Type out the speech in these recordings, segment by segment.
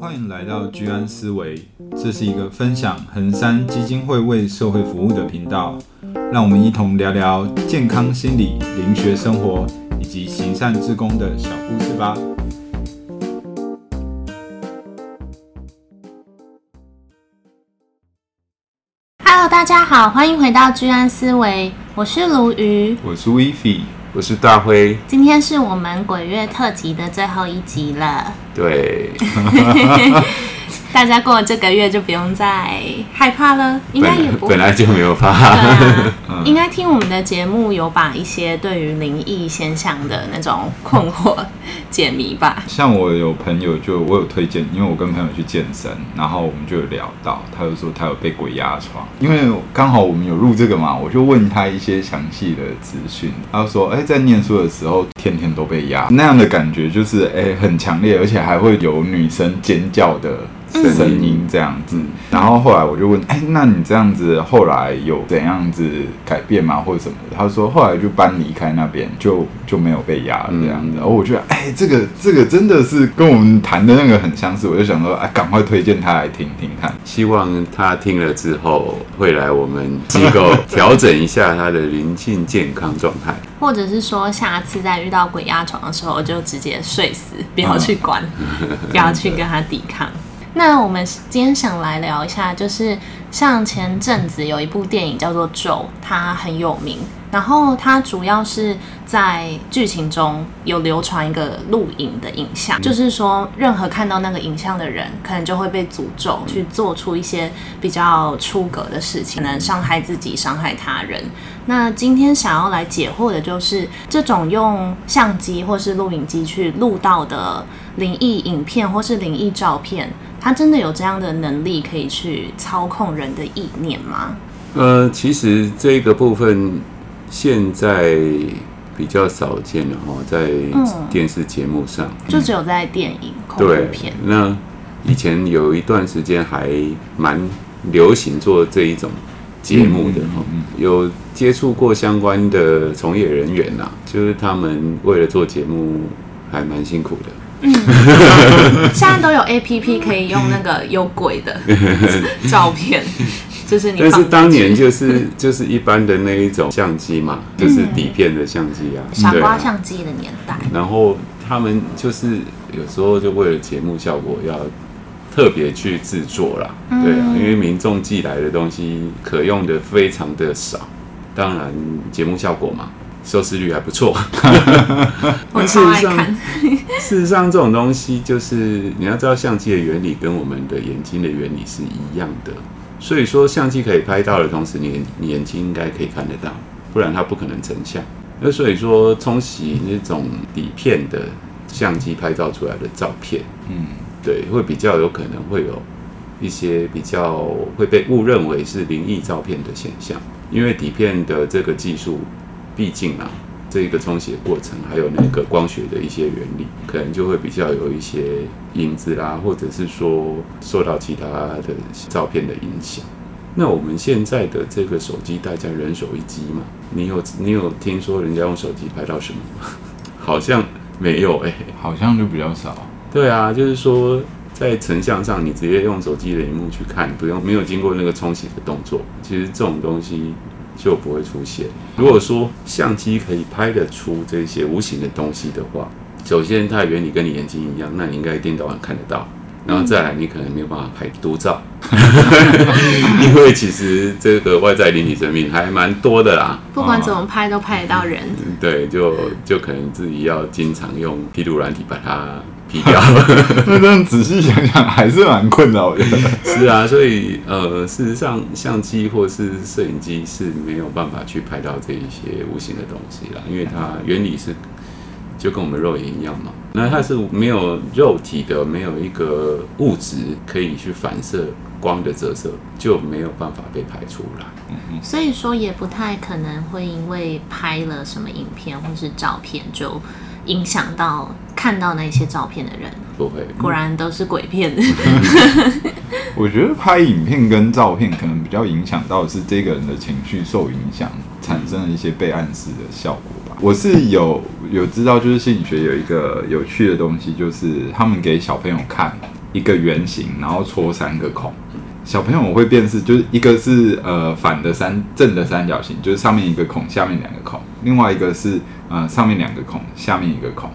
歡迎來到居安思維，這是一個分享衡山基金會為社會服務的頻道，讓我們一同聊聊健康心理、靈學生活以及行善志工的小故事吧。Hello，大家好，歡迎回到居安思維，我是盧瑜，我是依斐。我是大輝，今天是我們鬼月特輯的最後一集了。對。 大家過了這個月就不用再害怕了，本應該也不本來就沒有怕、啊。 應該聽我們的節目有把一些對於靈異現象的那種困惑解謎吧。像我有朋友就我有推薦，因為我跟朋友去健身，然後我們就有聊到，他就說他有被鬼壓床，因為剛好我們有錄這個嘛，我就問他一些詳細的資訊，他就說哎、欸，在念書的時候天天都被壓，那樣的感覺就是哎、欸、很強烈，而且還會有女生尖叫的聲音這樣子，嗯、然後後來我就問，哎、欸，那你這樣子後來有怎樣子改變嗎，或者什麼的？他說後來就搬離開那邊，就就沒有被壓了這樣子。哦、嗯，我我覺得，哎、欸，這個這個真的是跟我們談的那個很相似。我就想說，哎、欸，趕快推薦他來聽聽看，希望他聽了之後會來我們機構調整一下他的靈性健康狀態， 或者是說下次再遇到鬼壓床的時候，我就直接睡死，不要去管，嗯、 不要去跟他抵抗。那我們今天想來聊一下，就是像前陣子有一部電影叫做《咒》，它很有名。然後它主要是在劇情中有流傳一個錄影的影像，就是說任何看到那個影像的人，可能就會被詛咒去做出一些比較出格的事情，可能傷害自己、傷害他人。那今天想要來解惑的，就是這種用相機或是錄影機去錄到的靈異影片或是靈異照片。他真的有這樣的能力可以去操控人的意念嗎？呃，其實這個部分現在比較少見了哈，在電視節目上。嗯，就只有在電影恐怖片。對，那以前有一段時間還蠻流行做這一種節目的哈，有接觸過相關的從業人員吶、啊，就是他們為了做節目還蠻辛苦的。嗯、現在都有 APP 可以用那個有鬼的、嗯、照片，就是你。但是當年就是就是一般的那一種相機嘛，嗯、就是底片的相機啊，嗯、啊傻瓜相機的年代。然後他們就是有時候就為了節目效果，要特別去制作了，對啊，因為民眾寄來的東西可用的非常的少，當然節目效果嘛。收視率還不錯，哈哈哈哈，但事實上，事實上，這種東西就是你要知道相機的原理跟我們的眼睛的原理是一樣的，所以說相機可以拍到的同時你，你眼睛應該可以看得到，不然它不可能成像。那所以說，沖洗那種底片的相機拍照出來的照片，嗯，對，會比較有可能會有一些比較會被誤認為是靈異照片的現象，因為底片的這個技術，畢竟啊，這個沖洗的過程還有那個光學的一些原理，可能就會比較有一些影子啦，或者是說受到其他的照片的影響。那我們現在的這個手機，大家人手一機嘛，你有你有聽說人家用手機拍到什麼嗎？好像沒有誒、欸，好像就比較少。對啊，就是說在成像上，你直接用手機的螢幕去看，不用，沒有經過那個沖洗的動作，其實這種東西。就不會出現。如果說相機可以拍得出這些無形的東西的話，首先它的原理跟你眼睛一樣，那你應該一天到晚看得到。然後再來，你可能沒有辦法拍獨照，嗯、 因為其實這個外在靈體生命還蠻多的啦。不管怎麼拍都拍得到人，嗯。對，就就可能自己要經常用梯度軟體把它皮掉了，那這樣仔細想想還是蠻困擾的。 是啊，所以呃，事實上相機或是攝影機是沒有辦法去拍到這一些無形的東西啦，因為它原理是就跟我們肉眼一樣嘛，那它是沒有肉體的，沒有一個物質可以去反射光的折射，就沒有辦法被拍出來。嗯哼。所以說也不太可能會因為拍了什麼影片，或是照片就影響到看到那些照片的人，不會，果然都是鬼片。我覺得拍影片跟照片可能比較影響到的是這個人的情緒受影響，產生了一些被暗示的效果吧。我是有有知道，就是心理學有一個有趣的東西，就是他們給小朋友看一個圓形，然後戳三個孔，小朋友會辨識，就是一個是呃反的三正的三角形，就是上面一個孔，下面兩個孔。另外一個是，嗯、呃，上面兩個孔下面一個孔。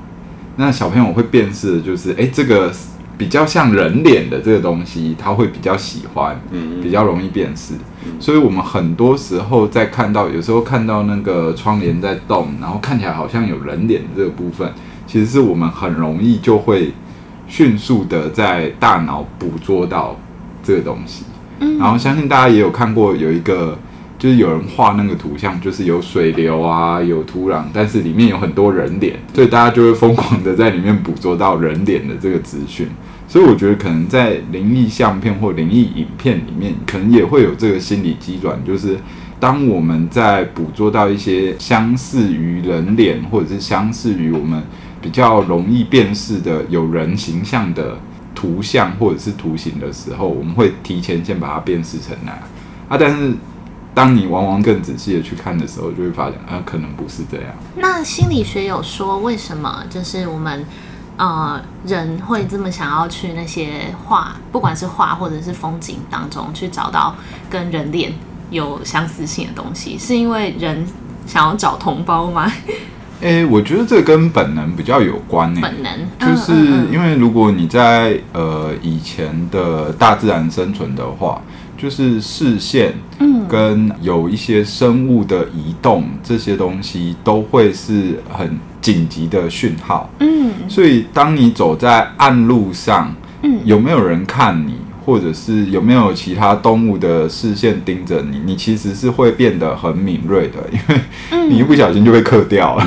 那小朋友會辨識的就是，誒、欸，這個比較像人臉的這個東西，他會比較喜歡，嗯，比較容易辨識。嗯、所以，我們很多時候在看到，有時候看到那個窗簾在動，然後看起來好像有人臉這個部分，其實是我們很容易就會迅速的在大腦捕捉到這個東西。嗯，然後相信大家也有看過，有一個。就是有人畫那個圖像，就是有水流啊，有土壤，但是裡面有很多人臉，所以大家就會瘋狂的在裡面捕捉到人臉的這個資訊。所以我覺得可能在靈異相片或靈異影片裡面，可能也會有這個心理機轉，就是當我們在捕捉到一些相似於人臉，或者是相似於我們比較容易辨識的有人形象的圖像或者是圖形的時候，我們會提前先把它辨識成哪啊，但是，當你往往更仔細的去看的時候，就會發現，啊，呃，可能不是這樣。那心理學有說，為什麼就是我們，呃，人會這麼想要去那些畫，不管是畫或者是風景當中，去找到跟人臉有相似性的東西，是因為人想要找同胞嗎？誒，欸，我覺得這跟本能比較有關，欸。本能，就是因為如果你在嗯嗯，呃以前的大自然生存的話。就是視線，嗯，跟有一些生物的移動，這些東西都會是很緊急的訊號，嗯，所以當你走在暗路上，有沒有人看你，或者是有沒有其他動物的視線盯着你，你其實是會變得很敏銳的，因為你一不小心就被刻掉了，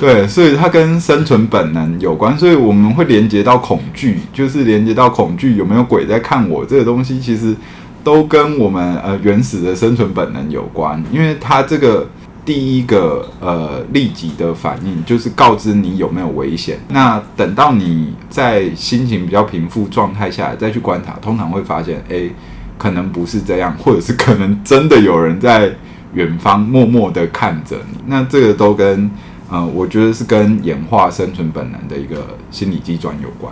對，所以它跟生存本能有關，所以我們會連接到恐懼，就是連接到恐懼，有沒有鬼在看我？這個東西其實。都跟我們呃原始的生存本能有關，因為它這個第一個呃立即的反應就是告知你有沒有危險。那等到你在心情比較平復狀態下來再去觀察，通常會發現，哎、欸，可能不是這樣，或者是可能真的有人在遠方默默的看着你。那這個都跟呃我覺得是跟演化生存本能的一個心理機轉有關。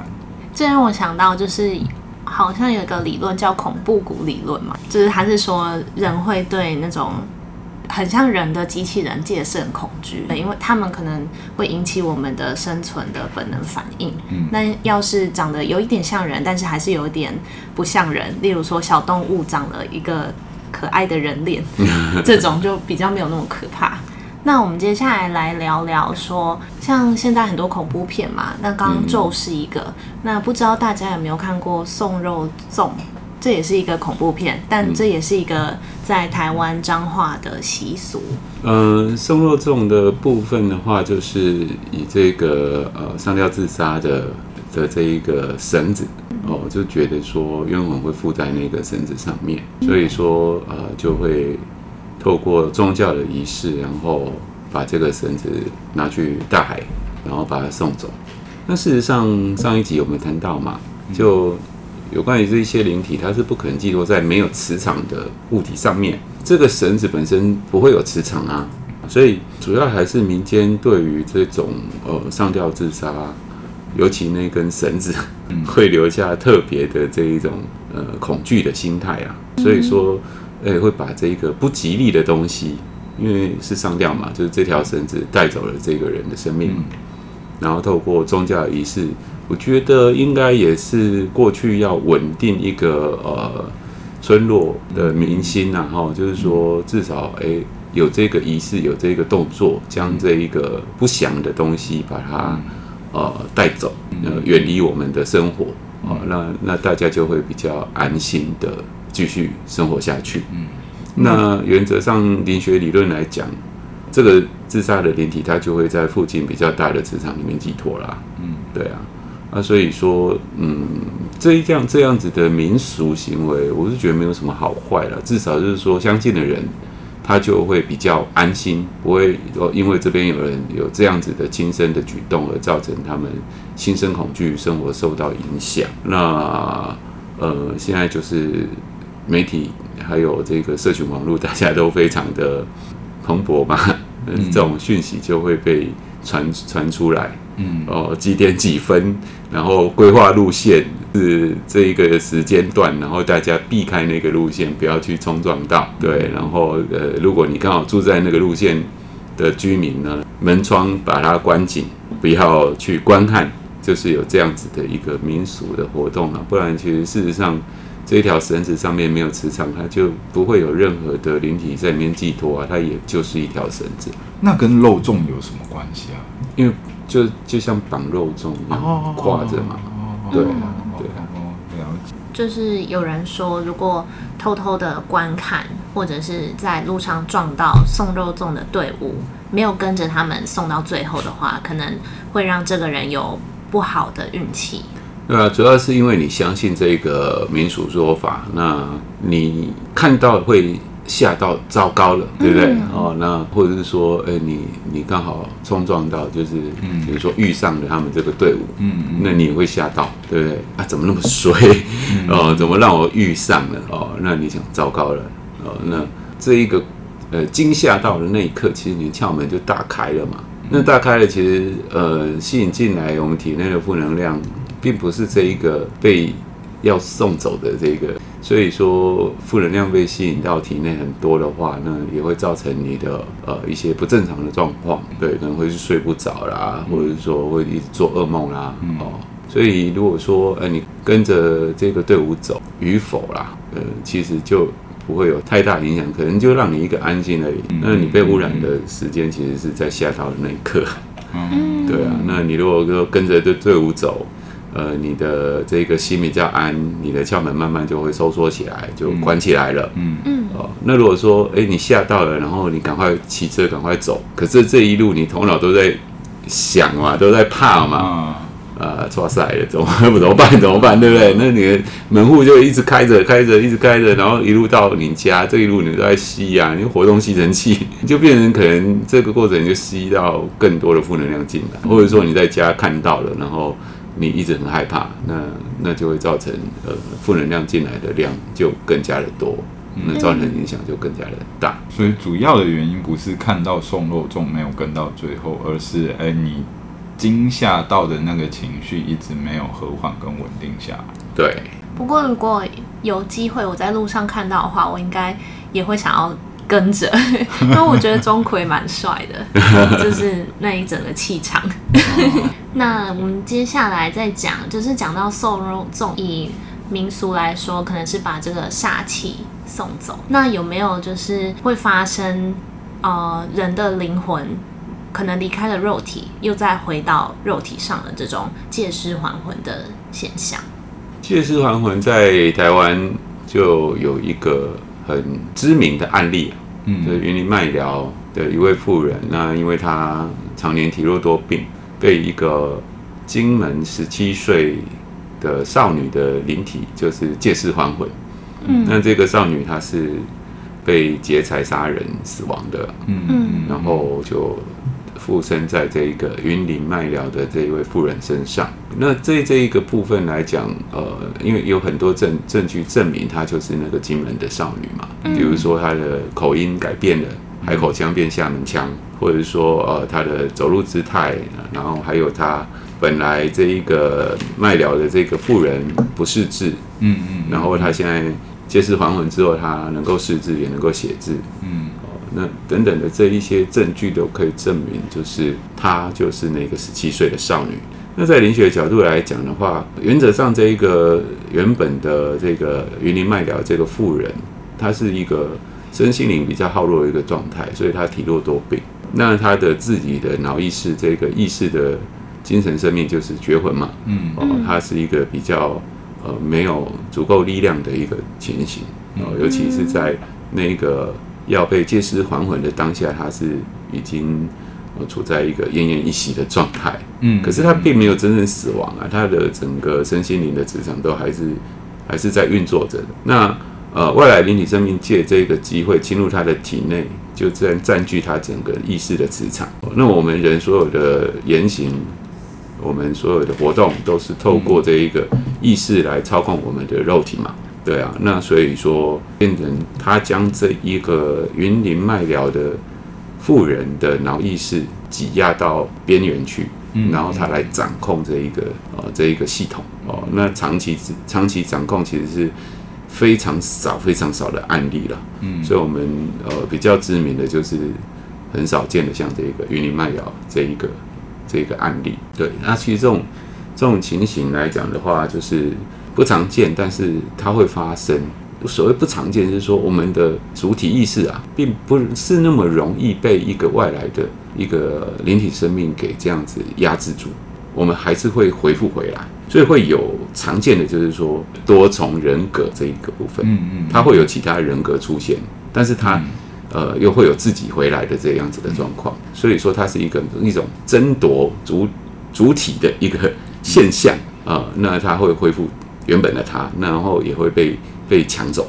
這讓我想到就是。好像有一個理論叫恐怖谷理論嘛，就是還是說人會對那種很像人的機器人也是很恐懼的，因為他們可能會引起我們的生存的本能反應。嗯，那要是長得有一點像人，但是還是有一點不像人，例如說小動物長了一個可愛的人臉，這種就比較沒有那麼可怕。那我們接下來來聊聊說，說像現在很多恐怖片嘛，那剛剛咒是一個，嗯、那不知道大家有沒有看過送肉粽，這也是一個恐怖片，但這也是一個在台灣彰化的習俗。嗯，送肉粽的部分的話，就是以這個呃上吊自殺的的這一個繩子、嗯、哦，就覺得說冤魂會附在那個繩子上面，所以說呃就會。透過宗教的儀式，然後把這個繩子拿去大海，然後把它送走。那事實上，上一集我們談到嘛，就有關於這一些靈體，它是不可能寄託在沒有磁場的物體上面。這個繩子本身不會有磁場啊，所以主要還是民間對於這種呃上吊自殺啊，尤其那根繩子，會留下特別的這一種呃恐懼的心態啊。所以說。哎，會把這一個不吉利的東西，因為是上吊嘛，就是這條繩子帶走了這個人的生命，嗯、然後透過宗教儀式，我覺得應該也是過去要穩定一個呃村落的民心、啊嗯、然後哈，就是說至少哎、呃、有這個儀式，有這個動作，將這一個不祥的東西把它呃帶走呃，遠離我們的生活啊。嗯嗯、那那大家就會比較安心的繼續生活下去。嗯，嗯，那原則上靈學理論來講，這個自殺的靈體它就會在附近比較大的磁場裡面寄托啦。嗯，對啊，啊，所以說，嗯，這一樣這樣子的民俗行為，我是覺得沒有什麼好壞了。至少就是說，相信的人他就會比較安心，不會因為這邊有人有這樣子的輕生的舉動而造成他們心生恐懼，生活受到影響。那呃，現在就是。媒體還有這個社群網絡，大家都非常的蓬勃嘛，這種訊息就會被傳傳出來。嗯，哦，幾點幾分？然後規劃路線是這一個時間段，然後大家避開那個路線，不要去衝撞到。對，然後呃，如果你剛好住在那個路線的居民呢，門窗把它關緊，不要去觀看，就是有這樣子的一個民俗的活動啊。不然，其實事實上。這條繩子上面沒有磁場，它就不會有任何的靈體在裡面寄託啊，它也就是一條繩子。那跟肉粽有什麼關係啊？因為就就像綁肉粽一樣掛着嘛。哦哦哦，對了對了，了解。嗯、對就是有人說，如果偷偷的觀看，或者是在路上撞到送肉粽的隊伍，沒有跟着他們送到最後的話，可能會讓這個人有不好的運氣。對啊、主要是因為你相信這個民俗說法，那你看到會嚇到，糟糕了，對不對？嗯、哦，那或者是說，欸、你你剛好冲撞到、就是，就是比如說遇上了他們這個隊伍，嗯，那你也會嚇到，對不對？啊，怎麼那麼衰？哦、呃，怎麼讓我遇上了？哦，那你想，糟糕了，哦，那這一個呃驚嚇到的那一刻，其實你的竅門就大開了嘛。那大開了，其實呃吸引進來我們體內的負能量。並不是這一個被要送走的這個，所以說負能量被吸引到體內很多的話，那也會造成你的呃一些不正常的狀況，對，可能會是睡不着啦，或者是說會一直做噩夢啦，嗯、哦，所以如果說哎、呃、你跟着這個隊伍走與否啦，呃，其實就不會有太大影響，可能就讓你一個安心而已。那你被污染的時間其實是在下刀的那一刻，嗯嗯對啊，那你如果說跟着這隊伍走。呃，你的這個心比較安，你的竅門慢慢就會收縮起來，就關起來了。嗯嗯。哦、嗯呃，那如果說，哎、欸，你嚇到了，然後你趕快騎車趕快走，可是這一路你頭腦都在想嘛，都在怕嘛，嗯啊、呃，抓塞了，怎麼怎麼辦？怎麼辦？對不對？那你的門戶就一直開着開着一直開着，然後一路到你家，這一路你都在吸呀、啊，你活動吸塵器，就變成可能這個過程就吸到更多的負能量進來，或者說你在家看到了，然後。你一直很害怕，那那就會造成呃負能量進來的量就更加的多，那造成的影響就更加的大。所以主要的原因不是看到送肉粽沒有跟到最後，而是誒你驚嚇到的那個情緒一直沒有和緩跟穩定下來。對。不過如果有機會我在路上看到的話，我應該也會想要。跟着，但我覺得鍾馗蠻帥的， 就是那一整個氣場。 那我們接下來再講，就是講到送肉粽，以民俗來說，可能是把這個煞氣送走。那有沒有就是會發生呃人的靈魂可能離開了肉體，又再回到肉體上的這種借屍還魂的現象？借屍還魂在台灣就有一個。很知名的案例啊，嗯，就是雲林麥寮的一位婦人，那因為她常年體弱多病，被一個金門十七歲的少女的靈體，就是借屍還魂。嗯，那這個少女她是被劫財殺人死亡的，嗯，嗯，嗯，嗯，然後就。附身在這一個雲林麥寮的這一位婦人身上。那在這一個部分來講，呃，因為有很多證證據證明她就是那個金門的少女嘛，比如說她的口音改變了，海口腔變廈門腔，或者是說呃她的走路姿態，然後還有她本來這一個麥寮的這個婦人不識字，嗯嗯，嗯嗯，然後她現在借屍還魂之後，她能夠識字也能夠寫字，嗯。那等等的這一些證據都可以證明，就是她就是那個十七歲的少女。那在靈學的角度來講的話，原則上這一個原本的這個雲林麥寮這個婦人，她是一個身心靈比較好弱的一個狀態，所以她體弱多病。那她的自己的腦意識這個意識的精神生命就是覺魂嘛，嗯，他、嗯哦、是一個比較呃，沒有足夠力量的一個情形，哦，尤其是在那個。要被借屍還魂的當下，他是已經呃處在一個奄奄一息的狀態，嗯，可是他並沒有真正死亡啊，他的整個身心靈的磁場都還是還是在運作着的。那呃，外來靈體生命借這個機會侵入他的體內，就自然占據他整個意識的磁場。那我們人所有的言行，我們所有的活動，都是透過這一個意識來操控我們的肉體嘛。對啊，那所以說變成他將這一個雲林麥寮的婦人的腦意識擠壓到邊緣去，嗯，然後他來掌控這一個呃，這一個系統哦、呃。那長期長期掌控其實是非常少非常少的案例了，嗯，所以我們呃比較知名的就是很少見的，像這一個雲林麥寮這一個這一個案例。對，那其實這種這種情形來講的話，就是。不常見，但是它會發生。所謂不常見，就是說我們的主體意識啊，並不是那麼容易被一個外來的一個靈體生命給這樣子壓制住，我們還是會恢復回來。所以會有常見的，就是說多重人格這一個部分，嗯嗯，它會有其他人格出現，但是它，呃，又會有自己回來的這樣子的狀況。所以說，它是一個一種爭奪主主體的一個現象啊，呃，那它會恢復。原本的他，然後也會被被搶走，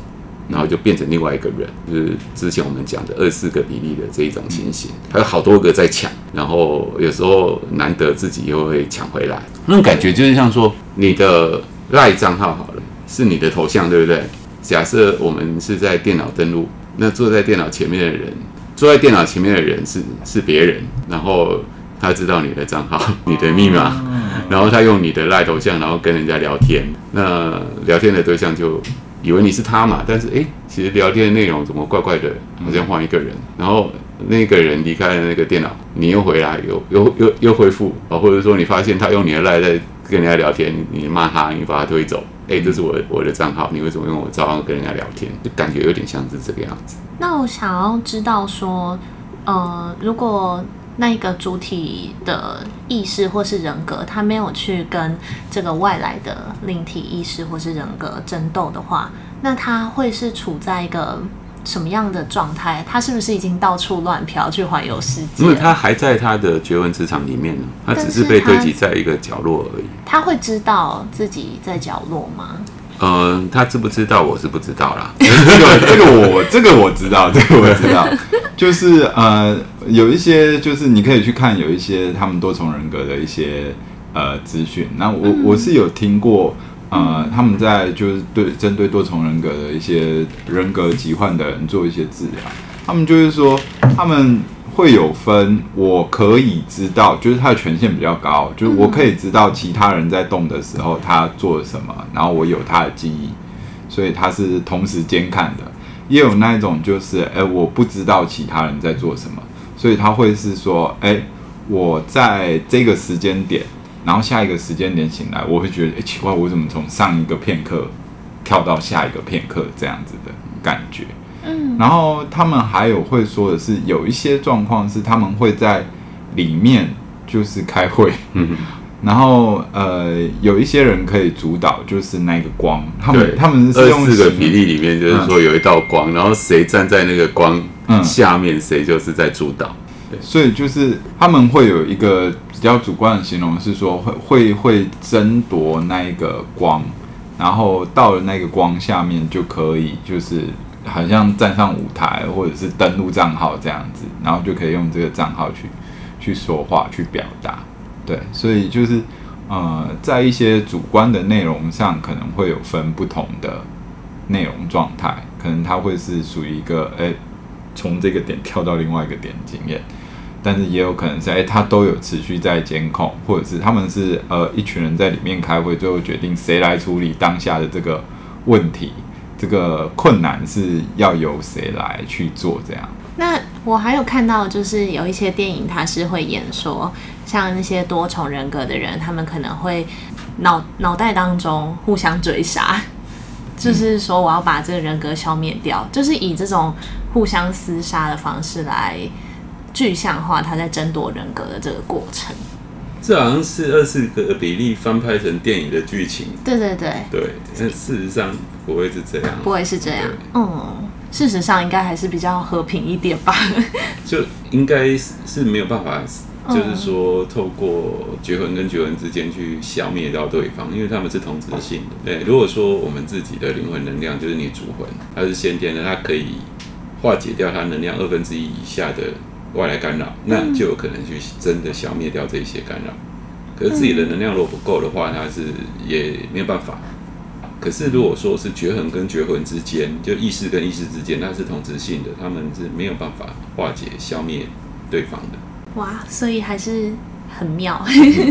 然後就變成另外一個人，就是之前我們講的二十四個比例的這一種情形，嗯、還有好多個在搶，然後有時候難得自己又會搶回來，那種感覺就是像說你的 LINE 賬號好了，是你的頭像對不對？假設我們是在電腦登錄，那坐在電腦前面的人，坐在電腦前面的人是是別人，然後。他知道你的賬號、你的密碼，嗯、然後他用你的 LINE 頭像，然後跟人家聊天。那聊天的對象就以為你是他嘛。但是誒，其實聊天的內容怎麼怪怪的，好像換一個人。然後那個人離開了那個電腦，你又回來，又又又又恢復哦，或者說你發現他用你的 LINE 在跟人家聊天，你罵他，你把他推走。哎，這是我的我的賬號，你為什麼用我賬號跟人家聊天。就感覺有點像是這個樣子。那我想要知道說，呃，如果。那一個主體的意識或是人格，他沒有去跟這個外來的靈體意識或是人格爭鬥的話，那他會是處在一個什麼樣的狀態？他是不是已經到處亂飄去環遊世界？因為他還在他的絕文之場裡面呢，他只是被堆積在一個角落而已。他，他會知道自己在角落嗎？呃、嗯，他知不知道我是不知道啦。這個，這個我，這個我知道，這個我知道，就是呃，有一些就是你可以去看有一些他們多重人格的一些呃資訊。那我我是有聽過呃，他們在就是對針對多重人格的一些人格疾患的人做一些治療，他們就是說他們。會有分，我可以知道，就是他的權限比較高，就是我可以知道其他人在動的時候他做什麼，然後我有他的記憶，所以他是同時監看的。也有那一種就是，哎、欸，我不知道其他人在做什麼，所以他會是說，哎、欸，我在這個時間點，然後下一個時間點醒來，我會覺得，哎、欸，奇怪，我怎麼從上一個片刻跳到下一個片刻這樣子的感覺。嗯，然後他們還有會說的是，有一些狀況是他們會在裡面就是開會，嗯，然後呃，有一些人可以主導，就是那個光，他們對他們是用這個比例裡面，就是說有一道光，嗯、然後誰站在那個光下面，誰就是在主導。對，所以就是他們會有一個比較主觀的形容，是說會會會爭奪那一個光，然後到了那個光下面就可以就是。好像站上舞台，或者是登錄賬號這樣子，然後就可以用這個賬號去去說話、去表達。對，所以就是呃，在一些主觀的內容上，可能會有分不同的內容狀態，可能它會是屬於一個誒，從、欸、這個點跳到另外一個點經驗，但是也有可能是誒、欸，它都有持續在監控，或者是他們是呃，一群人在裡面開會，最後決定誰來處理當下的這個問題。這個困難是要由誰來去做？這樣？那我還有看到，就是有一些電影，它是會演說，像那些多重人格的人，他們可能會腦腦袋當中互相追殺，就是說我要把這個人格消滅掉，嗯、就是以這種互相廝殺的方式來具象化他在爭奪人格的這個過程。這好像是二四的比利翻拍成電影的劇情。對對對。對，但事實上不會是這樣。嗯、不會是這樣。對嗯，事實上應該還是比較和平一點吧。就應該是是沒有辦法，嗯、就是說透過絕魂跟絕魂之間去消滅掉對方，因為他們是同質性的。對、欸，如果說我們自己的靈魂能量就是你主魂，它是先天的，它可以化解掉它能量二分之一以下的外來干擾，那就有可能去真的消滅掉這些干擾。嗯、可是自己的能量如果不夠的話，那是也沒有辦法。可是如果說是絕痕跟絕魂之間，就意識跟意識之間，那是同質性的，他們是沒有辦法化解、消滅對方的。哇，所以還是很妙。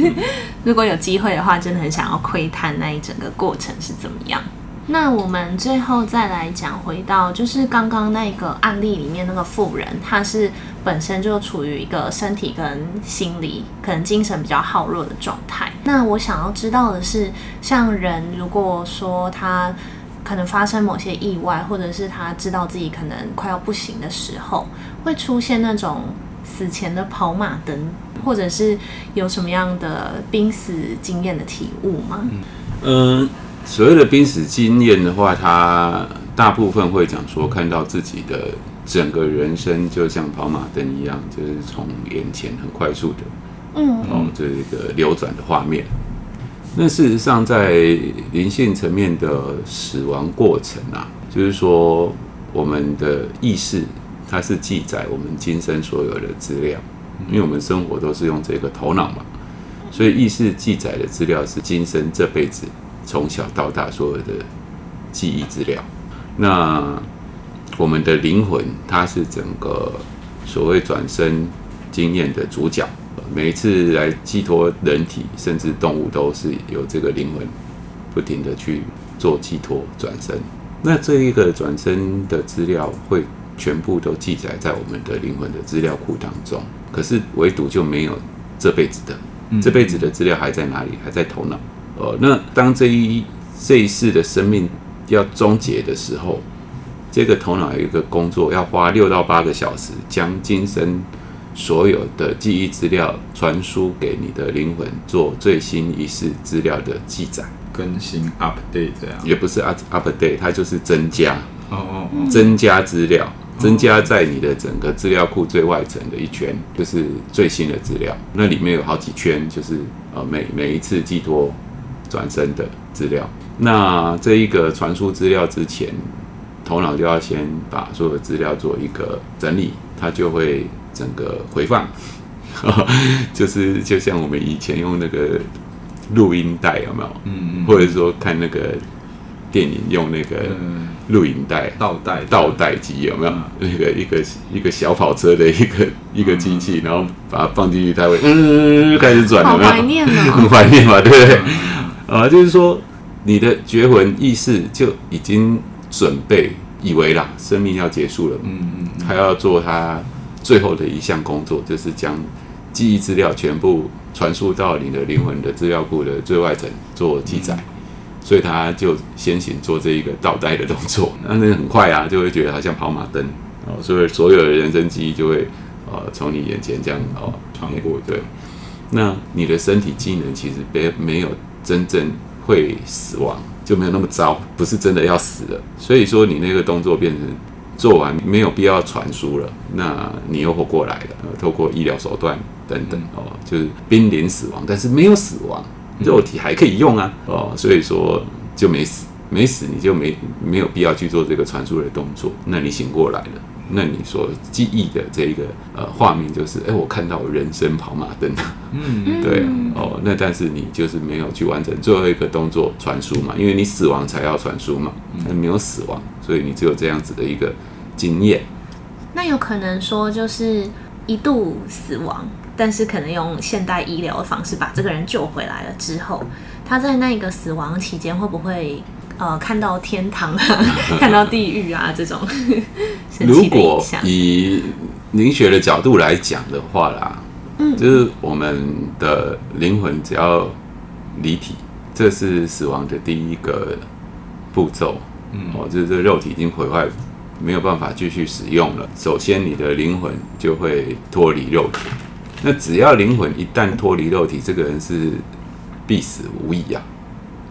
如果有機會的話，真的很想要窺探那一整個過程是怎麼樣。那我們最後再來講回到，就是剛剛那個案例裡面那個婦人，她是。本身就處於一個身體跟心理，可能精神比較耗弱的狀態。那我想要知道的是，像人如果說他可能發生某些意外，或者是他知道自己可能快要不行的時候，會出現那種死前的跑馬燈，或者是有什麼樣的瀕死經驗的體悟嗎？嗯，呃，所謂的瀕死經驗的話，他大部分會講說看到自己的。整個人生就像跑馬燈一樣，就是從眼前很快速的，嗯，哦，這個流轉的畫面。那事實上，在靈性層面的死亡過程啊，就是說我們的意識它是記載我們今生所有的資料，因為我們生活都是用這個頭腦嘛，所以意識記載的資料是今生這輩子從小到大所有的記憶資料。那我們的靈魂，它是整個所謂轉生經驗的主角。呃、每一次來寄托人體，甚至動物，都是由這個靈魂不停地去做寄托轉生。那這一個轉生的資料，會全部都記載在我們的靈魂的資料庫當中。可是唯獨就沒有這輩子的，嗯、這輩子的資料還在哪裡？還在頭腦。呃，那當這一這一世的生命要終結的時候。這個頭腦有一個工作，要花六到八個小時，將今生所有的記憶資料傳輸給你的靈魂，做最新一次資料的記載、更新 update 這樣，也不是 update，它就是增加，哦哦哦，增加資料，增加在你的整個資料庫最外層的一圈，就是最新的資料。那裡面有好幾圈，就是呃每每一次寄托轉身的資料。那這一個傳輸資料之前。.頭腦就要先把所有的資料做一個整理，它就會整個回放，呵呵，就是就像我們以前用那個錄音帶有沒有？嗯嗯。或者說看那個電影用那個錄影帶倒帶倒帶機有沒有？嗯、那個一個一個小跑車的一個、嗯、一個機器，然後把它放進去，它會嗯，嗯，嗯開始轉有沒有？懷念、啊、很懷念嘛，對不對，對？嗯、啊，就是說你的覺魂意識就已經。準備以為啦，生命要結束了嗯，他要做他最後的一項工作，就是將記憶資料全部傳輸到你的靈魂的資料庫的最外層做記載，所以他就先行做這一個倒帶的動作，那那很快啊，就會覺得好像跑馬燈哦，所以所有的人生記憶就會呃從你眼前這樣哦穿過，對，那你的身體機能其實別沒有真正會死亡。就沒有那麼糟，不是真的要死了，所以說你那個動作變成做完沒有必要傳輸了，那你又活過來了，透過醫療手段等等、嗯、哦，就是瀕臨死亡，但是沒有死亡，肉體還可以用啊，嗯、哦，所以說就沒死，沒死你就沒沒有必要去做這個傳輸的動作，那你醒過來了。那你所記憶的這一個呃畫面就是，誒、欸，我看到人生跑馬燈，嗯、 對，哦，那但是你就是沒有去完成最後一個動作傳輸嘛，因為你死亡才要傳輸嘛，那沒有死亡，所以你只有這樣子的一個經驗。那有可能說就是一度死亡，但是可能用現代醫療的方式把這個人救回來了之後，他在那個死亡期間會不會？呃，看到天堂啊， 看到地獄啊，這種。如果以靈學的角度來講的話啦，嗯，就是我們的靈魂只要離體，這是死亡的第一個步驟。嗯，哦，就是這肉體已經毀壞，沒有辦法繼續使用了。首先，你的靈魂就會脫離肉體。那只要靈魂一旦脫離肉體，這個人是必死無疑啊，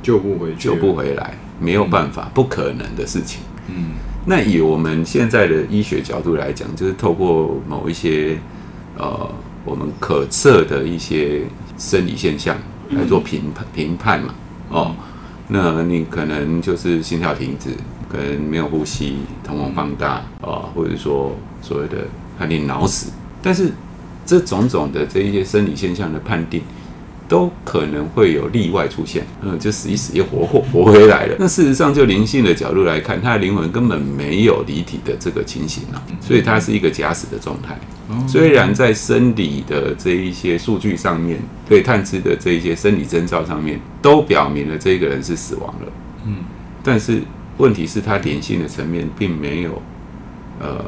救不回去，救不回來。沒有辦法，不可能的事情。嗯，那以我們現在的醫學角度來講，就是透過某一些呃，我們可測的一些生理現象來做評、嗯、評判嘛。哦，那你可能就是心跳停止，可能沒有呼吸，瞳孔放大啊、嗯呃，或者說所謂的判定腦死，但是這種種的這一些生理現象的判定，都可能會有例外出現，嗯，就死一死又活活活回來了。那事實上，就靈性的角度來看，他的靈魂根本沒有離體的這個情形啊，所以他是一個假死的狀態。雖然在生理的這一些數據上面，對探知的這一些生理徵兆上面，都表明了這個人是死亡了，嗯，但是問題是，他靈性的層面並沒有，呃，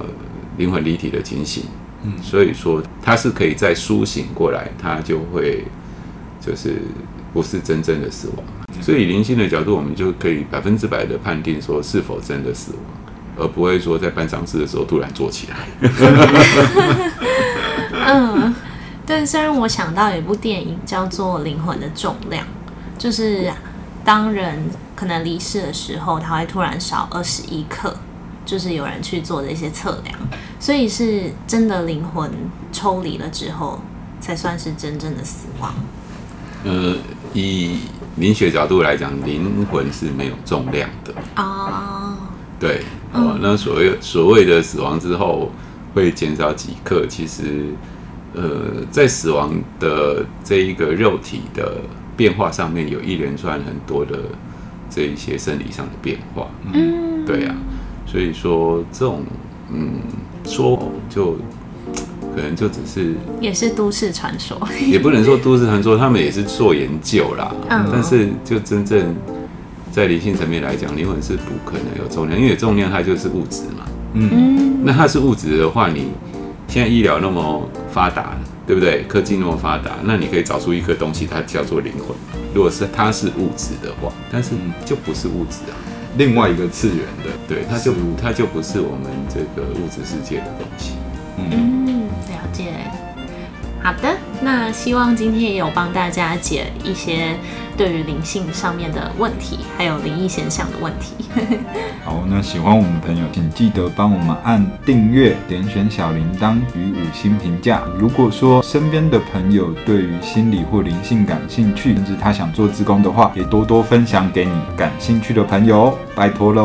靈魂離體的情形，嗯，所以說他是可以再蘇醒過來，他就會。就是不是真正的死亡，嗯、所以靈性的角度，我們就可以百分之百的判定說是否真的死亡，而不會說在辦喪事的時候突然坐起來。嗯，但雖然我想到有一部電影叫做《靈魂的重量》，就是當人可能離世的時候，他會突然少二十一克，就是有人去做的一些測量，所以是真的靈魂抽離了之後，才算是真正的死亡。呃，以靈學角度來講，靈魂是沒有重量的。哦，oh. 對，呃，嗯、那所謂所謂的死亡之後會減少幾克，其實，呃，在死亡的這一個肉體的變化上面，有一連串很多的這一些生理上的變化。嗯，對啊。所以說這種嗯說就。可能就只是也是都市傳說， 也不能說都市傳說，他們也是做研究啦。嗯哦。但是就真正在理性層面來講，靈魂是不可能有重量，因為重量它就是物質嘛。嗯嗯，那它是物質的話，你現在醫療那麼發達，對不對？科技那麼發達，那你可以找出一個東西，它叫做靈魂。如果是它是物質的話，但是就不是物質啊，另外一個次元的，對，它就是它就不是我們這個物質世界的東西。嗯。Yeah. 好的，那希望今天也有幫大家解一些對於靈性上面的問題，還有靈異現象的問題。 好，那喜歡我們的朋友，請記得幫我們按訂閱、點選小鈴鐺與五星評價。如果說身邊的朋友對於心理或靈性感興趣，甚至他想做志工的話，也多多分享給你感興趣的朋友，拜托嘍！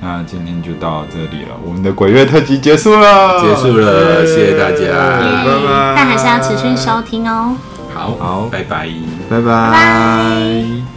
那今天就到這裡了，我們的鬼月特輯結束了，結束了，耶謝謝大家，耶拜拜，但還是要持續收聽哦。好，好，拜拜，拜拜。拜拜拜拜。